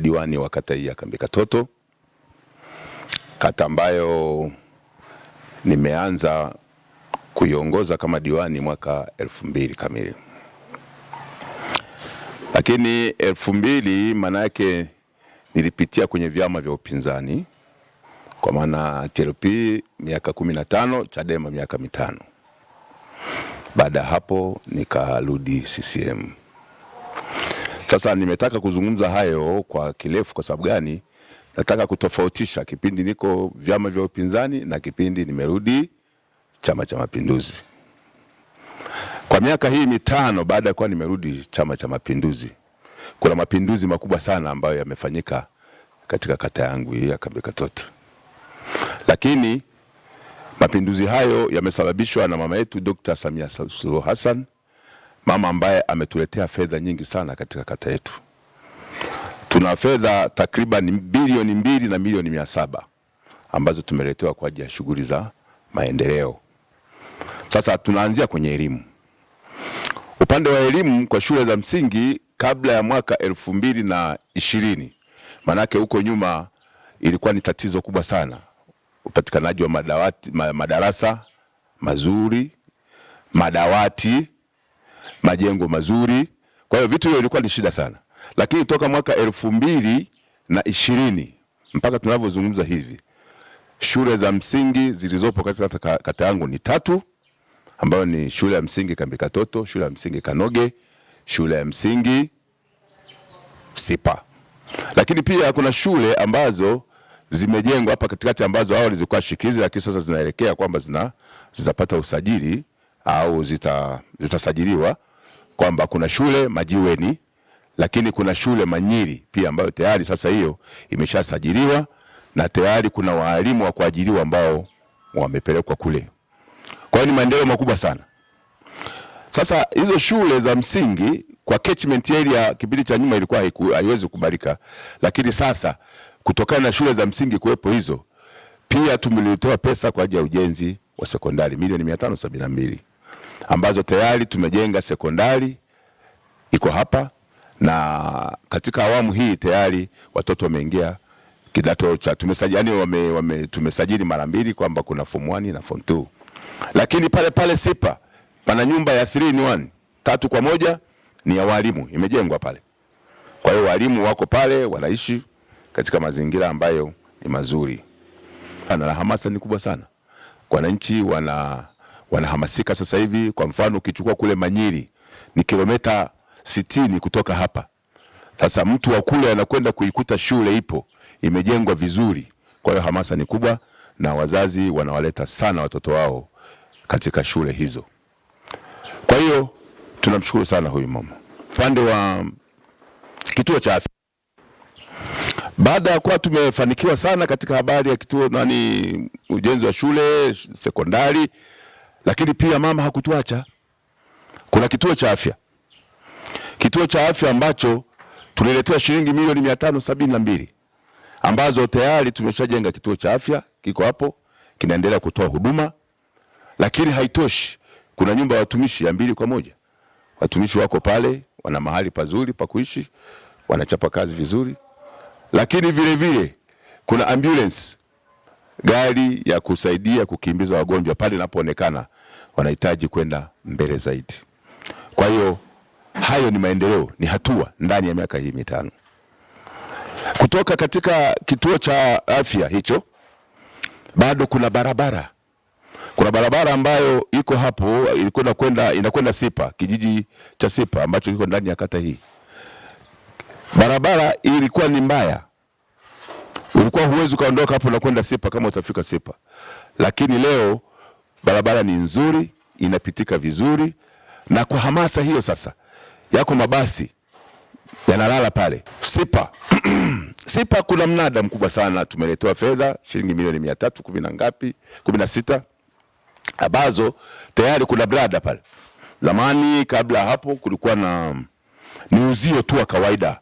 diwani wa kata hii ya kambikatoto Katoto, kata ambayo nimeanza kuiongoza kama diwani mwaka elfu mbili kamili, lakini elfu mbili maana yake nilipitia kwenye vyama vya upinzani kwa maana TLP miaka kumi na tano, Chadema miaka mitano. Baada ya hapo nikarudi CCM. Sasa nimetaka kuzungumza hayo kwa kirefu. Kwa sababu gani? Nataka kutofautisha kipindi niko vyama vya upinzani na kipindi nimerudi Chama cha Mapinduzi. Kwa miaka hii mitano baada ya kuwa nimerudi Chama cha Mapinduzi, kuna mapinduzi makubwa sana ambayo yamefanyika katika kata yangu ya kambikatoto lakini mapinduzi hayo yamesababishwa na mama yetu Dr. Samia Suluhu Hassan mama ambaye ametuletea fedha nyingi sana katika kata yetu. Tuna fedha takriban bilioni mbili na milioni mia saba ambazo tumeletewa kwa ajili ya shughuli za maendeleo. Sasa tunaanzia kwenye elimu. Upande wa elimu kwa shule za msingi kabla ya mwaka elfu mbili na ishirini, maanake huko nyuma ilikuwa ni tatizo kubwa sana upatikanaji wa madawati, madarasa mazuri, madawati majengo mazuri. Kwa hiyo vitu hivyo vilikuwa ni shida sana, lakini toka mwaka elfu mbili na ishirini mpaka tunavyozungumza hivi shule za msingi zilizopo katika kata yangu ni tatu, ambayo ni shule ya msingi Kambi Katoto, shule ya msingi Kanoge, shule ya msingi Sipa. Lakini pia kuna shule ambazo zimejengwa hapa katikati ambazo awali zilikuwa shikizi, lakini sasa zinaelekea kwamba zina, zinapata usajili au zitasajiliwa kwamba kuna shule Majiweni, lakini kuna shule Manyiri pia ambayo tayari sasa hiyo imeshasajiliwa na tayari kuna waalimu wa kuajiriwa ambao wamepelekwa kule. Kwa hiyo ni maendeleo makubwa sana. Sasa hizo shule za msingi kwa catchment area kipindi cha nyuma ilikuwa haiwezi kukubalika, lakini sasa kutokana na shule za msingi kuwepo hizo, pia tumelitoa pesa kwa ajili ya ujenzi wa sekondari milioni 572 ambazo tayari tumejenga sekondari iko hapa, na katika awamu hii tayari watoto wameingia kidato cha tumesajili, yani wame, wame, tumesajili mara mbili kwamba kuna form 1 na form 2, lakini pale pale Sipa pana nyumba ya 3 in 1 tatu kwa moja ni ya walimu imejengwa pale. Kwa hiyo walimu wako pale wanaishi katika mazingira ambayo ni mazuri, na hamasa ni kubwa sana, wananchi wana wanahamasika sasa hivi. Kwa mfano ukichukua kule Manyiri ni kilomita sitini kutoka hapa. Sasa mtu wa kule anakwenda kuikuta shule ipo imejengwa vizuri. Kwa hiyo hamasa ni kubwa, na wazazi wanawaleta sana watoto wao katika shule hizo. Kwa hiyo tunamshukuru sana huyu mama. Upande wa kituo cha afya, baada ya kuwa tumefanikiwa sana katika habari ya kituo nani, ujenzi wa shule sekondari lakini pia mama hakutuacha. Kuna kituo cha afya, kituo cha afya ambacho tuliletewa shilingi milioni mia tano sabini na mbili ambazo tayari tumeshajenga kituo cha afya kiko hapo kinaendelea kutoa huduma, lakini haitoshi. Kuna nyumba ya watumishi ya mbili kwa moja, watumishi wako pale, wana mahali pazuri pa kuishi, wanachapa kazi vizuri, lakini vile vile kuna ambulance gari ya kusaidia kukimbiza wagonjwa pale inapoonekana wanahitaji kwenda mbele zaidi. Kwa hiyo hayo ni maendeleo, ni hatua ndani ya miaka hii mitano. Kutoka katika kituo cha afya hicho bado kuna barabara, kuna barabara ambayo iko hapo kwenda inakwenda Sipa, kijiji cha Sipa ambacho kiko ndani ya kata hii. Barabara ilikuwa ni mbaya Ulikuwa huwezi ukaondoka hapo na kwenda Sipa kama utafika Sipa, lakini leo barabara ni nzuri, inapitika vizuri, na kwa hamasa hiyo sasa yako mabasi yanalala pale Sipa. Sipa kuna mnada mkubwa sana, tumeletewa fedha shilingi milioni mia tatu kumi na ngapi, kumi na sita ambazo tayari kuna brada pale. Zamani kabla hapo kulikuwa na ni uzio tu wa kawaida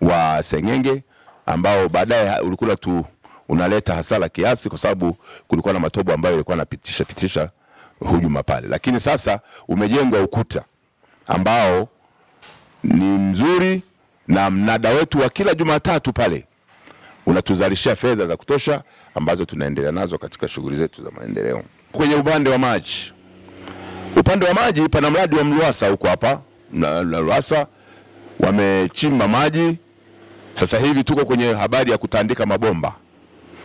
wa sengenge ambao baadaye ulikula tu unaleta hasara kiasi, kwa sababu kulikuwa na matobo ambayo yalikuwa yanapitisha pitisha hujuma pale, lakini sasa umejengwa ukuta ambao ni mzuri, na mnada wetu wa kila Jumatatu pale unatuzalishia fedha za kutosha ambazo tunaendelea nazo katika shughuli zetu za maendeleo. Kwenye upande wa maji, upande wa maji pana mradi wa Mluasa huko hapa na wamechimba maji sasa hivi tuko kwenye habari ya kutandika mabomba,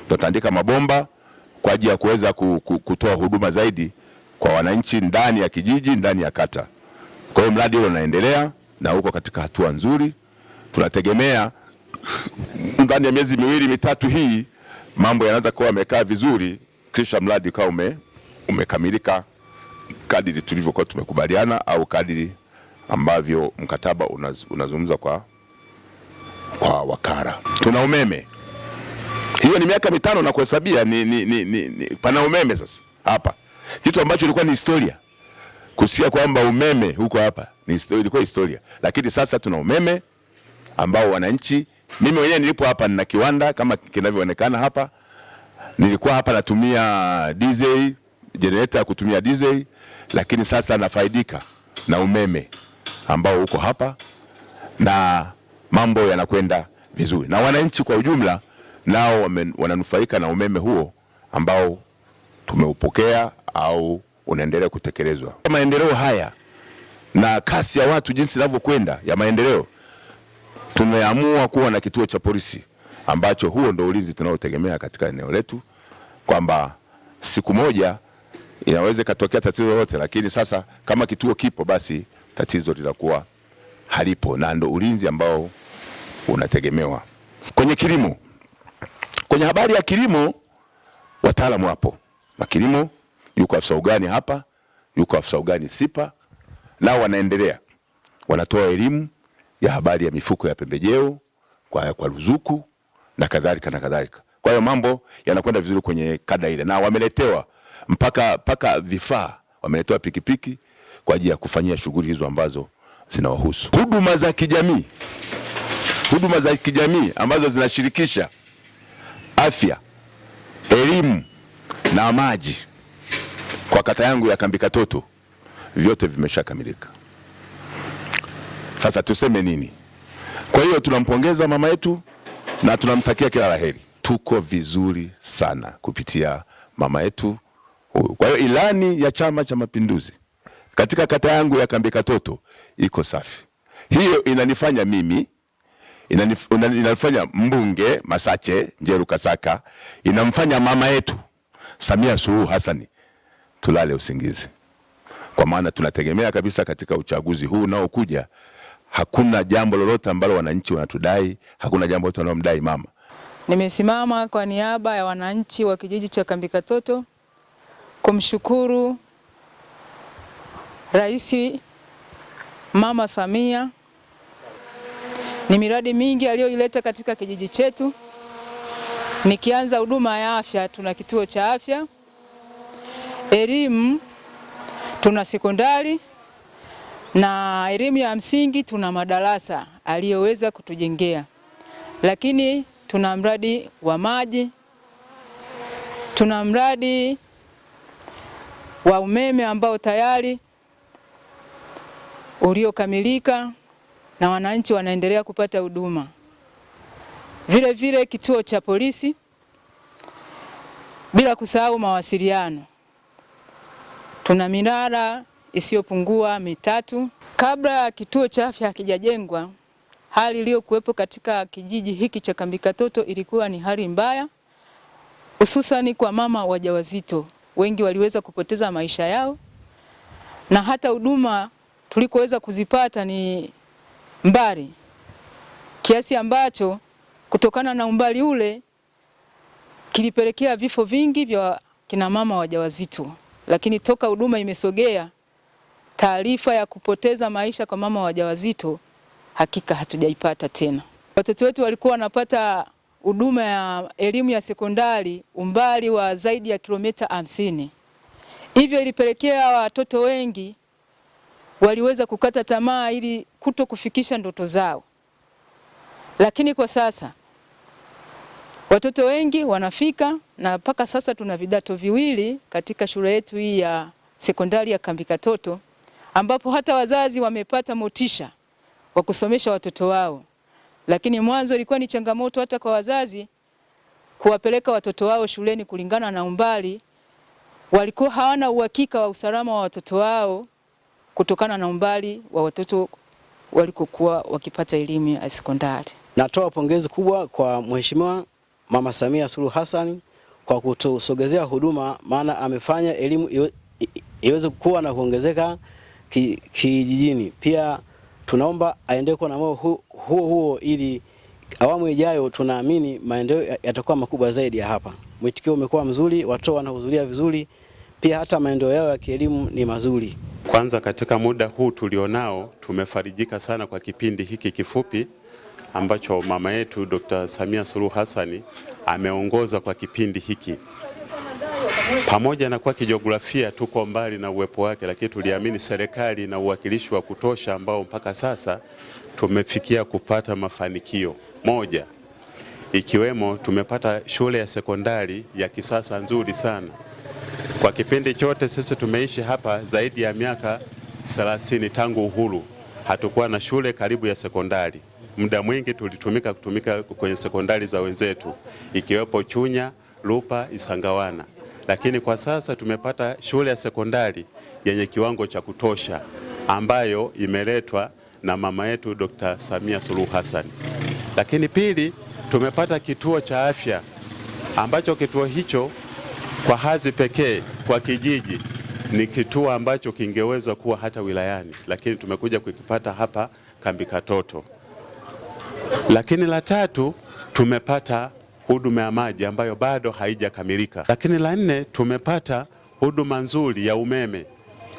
tutatandika mabomba kwa ajili ya kuweza kutoa huduma zaidi kwa wananchi ndani ya kijiji, ndani ya kata. Kwa hiyo mradi ule unaendelea na uko katika hatua nzuri, tunategemea ndani ya miezi miwili mitatu hii mambo yanaanza kuwa yamekaa vizuri, kisha mradi ukawa ume, umekamilika kadiri tulivyokuwa tumekubaliana au kadiri ambavyo mkataba unaz, unazungumza kwa kwa wakara. Tuna umeme, hiyo ni miaka mitano na kuhesabia ni, ni, ni, ni, ni, pana umeme sasa hapa, kitu ambacho ilikuwa ni historia kusikia kwamba umeme huko hapa ni historia, ilikuwa historia, lakini sasa tuna umeme ambao wananchi, mimi mwenyewe nilipo hapa nina kiwanda kama kinavyoonekana hapa. Nilikuwa hapa natumia diesel generator kutumia diesel, lakini sasa nafaidika na umeme ambao uko hapa na mambo yanakwenda vizuri, na wananchi kwa ujumla nao wananufaika na umeme huo ambao tumeupokea au unaendelea kutekelezwa. Maendeleo haya na kasi ya watu jinsi inavyokwenda ya maendeleo, tumeamua kuwa na kituo cha polisi ambacho huo ndio ulinzi tunaotegemea katika eneo letu, kwamba siku moja inaweza ikatokea tatizo lolote, lakini sasa kama kituo kipo, basi tatizo litakuwa halipo, na ndio ulinzi ambao unategemewa kwenye kilimo. Kwenye habari ya kilimo, wataalamu wapo na kilimo, yuko afisa ugani hapa, yuko afisa ugani Sipa, nao wanaendelea wanatoa elimu ya habari ya mifuko ya pembejeo kwa, kwa ruzuku na kadhalika na kadhalika. Kwa hiyo mambo yanakwenda vizuri kwenye kada ile, na wameletewa mpaka mpaka vifaa, wameletewa pikipiki kwa ajili ya kufanyia shughuli hizo ambazo zinawahusu. Huduma za kijamii huduma za kijamii ambazo zinashirikisha afya, elimu na maji kwa kata yangu ya Kambikatoto vyote vimeshakamilika. Sasa tuseme nini? Kwa hiyo tunampongeza mama yetu na tunamtakia kila laheri. Tuko vizuri sana kupitia mama yetu. Kwa hiyo ilani ya Chama cha Mapinduzi katika kata yangu ya Kambikatoto iko safi. Hiyo inanifanya mimi inafanya mbunge Masache Njeru Kasaka, inamfanya mama yetu Samia Suluhu Hassan tulale usingizi, kwa maana tunategemea kabisa katika uchaguzi huu unaokuja hakuna jambo lolote ambalo wananchi wanatudai, hakuna jambo lolote wanaomdai mama. Nimesimama kwa niaba ya wananchi wa kijiji cha Kambikatoto kumshukuru Rais Mama Samia ni miradi mingi aliyoileta katika kijiji chetu. Nikianza huduma ya afya, tuna kituo cha afya, elimu tuna sekondari na elimu ya msingi, tuna madarasa aliyoweza kutujengea, lakini tuna mradi wa maji, tuna mradi wa umeme ambao tayari uliokamilika na wananchi wanaendelea kupata huduma. Vile vile kituo cha polisi, bila kusahau mawasiliano. Tuna minara isiyopungua mitatu. Kabla ya kituo cha afya hakijajengwa, hali iliyokuwepo katika kijiji hiki cha Kambikatoto ilikuwa ni hali mbaya, hususani kwa mama wajawazito. Wengi waliweza kupoteza maisha yao, na hata huduma tulikoweza kuzipata ni mbali kiasi ambacho kutokana na umbali ule kilipelekea vifo vingi vya kina mama wajawazito. Lakini toka huduma imesogea, taarifa ya kupoteza maisha kwa mama wajawazito hakika hatujaipata tena. Watoto wetu walikuwa wanapata huduma ya elimu ya sekondari umbali wa zaidi ya kilomita hamsini, hivyo ilipelekea watoto wengi waliweza kukata tamaa ili kuto kufikisha ndoto zao, lakini kwa sasa watoto wengi wanafika, na mpaka sasa tuna vidato viwili katika shule yetu hii ya sekondari ya Kambikatoto, ambapo hata wazazi wamepata motisha wa kusomesha watoto wao, lakini mwanzo ilikuwa ni changamoto hata kwa wazazi kuwapeleka watoto wao shuleni kulingana na umbali, walikuwa hawana uhakika wa usalama wa watoto wao kutokana na umbali wa watoto walikokuwa wakipata elimu ya sekondari. Natoa pongezi kubwa kwa Mheshimiwa Mama Samia Suluhu Hassan kwa kutusogezea huduma, maana amefanya elimu iweze kuwa na kuongezeka kijijini ki. Pia tunaomba aendelee kuwa na moyo huo huo, ili awamu ijayo tunaamini maendeleo yatakuwa makubwa zaidi ya hapa. Mwitikio umekuwa mzuri, watoto wanahudhuria vizuri, pia hata maendeleo yao ya kielimu ni mazuri. Kwanza katika muda huu tulionao tumefarijika sana kwa kipindi hiki kifupi ambacho mama yetu Dr. Samia Suluhu Hassan ameongoza kwa kipindi hiki. Pamoja na kwa kijiografia tuko mbali na uwepo wake, lakini tuliamini serikali na uwakilishi wa kutosha ambao mpaka sasa tumefikia kupata mafanikio. Moja ikiwemo tumepata shule ya sekondari ya kisasa nzuri sana kwa kipindi chote sisi tumeishi hapa zaidi ya miaka 30 tangu uhuru, hatukuwa na shule karibu ya sekondari. Muda mwingi tulitumika kutumika kwenye sekondari za wenzetu ikiwepo Chunya, Lupa, Isangawana, lakini kwa sasa tumepata shule ya sekondari yenye kiwango cha kutosha ambayo imeletwa na mama yetu Dr. Samia Suluhu Hassan. Lakini pili, tumepata kituo cha afya ambacho kituo hicho kwa hadhi pekee kwa kijiji ni kituo ambacho kingeweza kuwa hata wilayani, lakini tumekuja kukipata hapa kambi Katoto. Lakini la tatu tumepata huduma ya maji ambayo bado haijakamilika. Lakini la nne tumepata huduma nzuri ya umeme.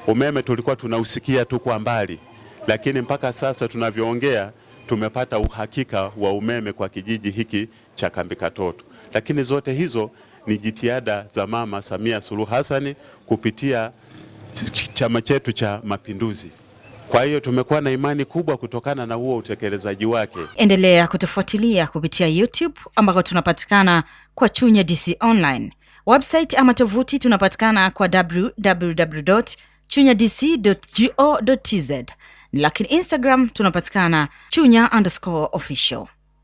Umeme tulikuwa tunausikia tu kwa mbali, lakini mpaka sasa tunavyoongea tumepata uhakika wa umeme kwa kijiji hiki cha kambi Katoto. Lakini zote hizo ni jitihada za Mama Samia Suluhu Hassan kupitia chama chetu cha Mapinduzi. Kwa hiyo tumekuwa na imani kubwa kutokana na huo utekelezaji wake. Endelea kutufuatilia kupitia YouTube ambako tunapatikana kwa Chunya DC Online. Website ama tovuti tunapatikana kwa www chunya dc go tz, lakini Instagram tunapatikana chunya underscore official.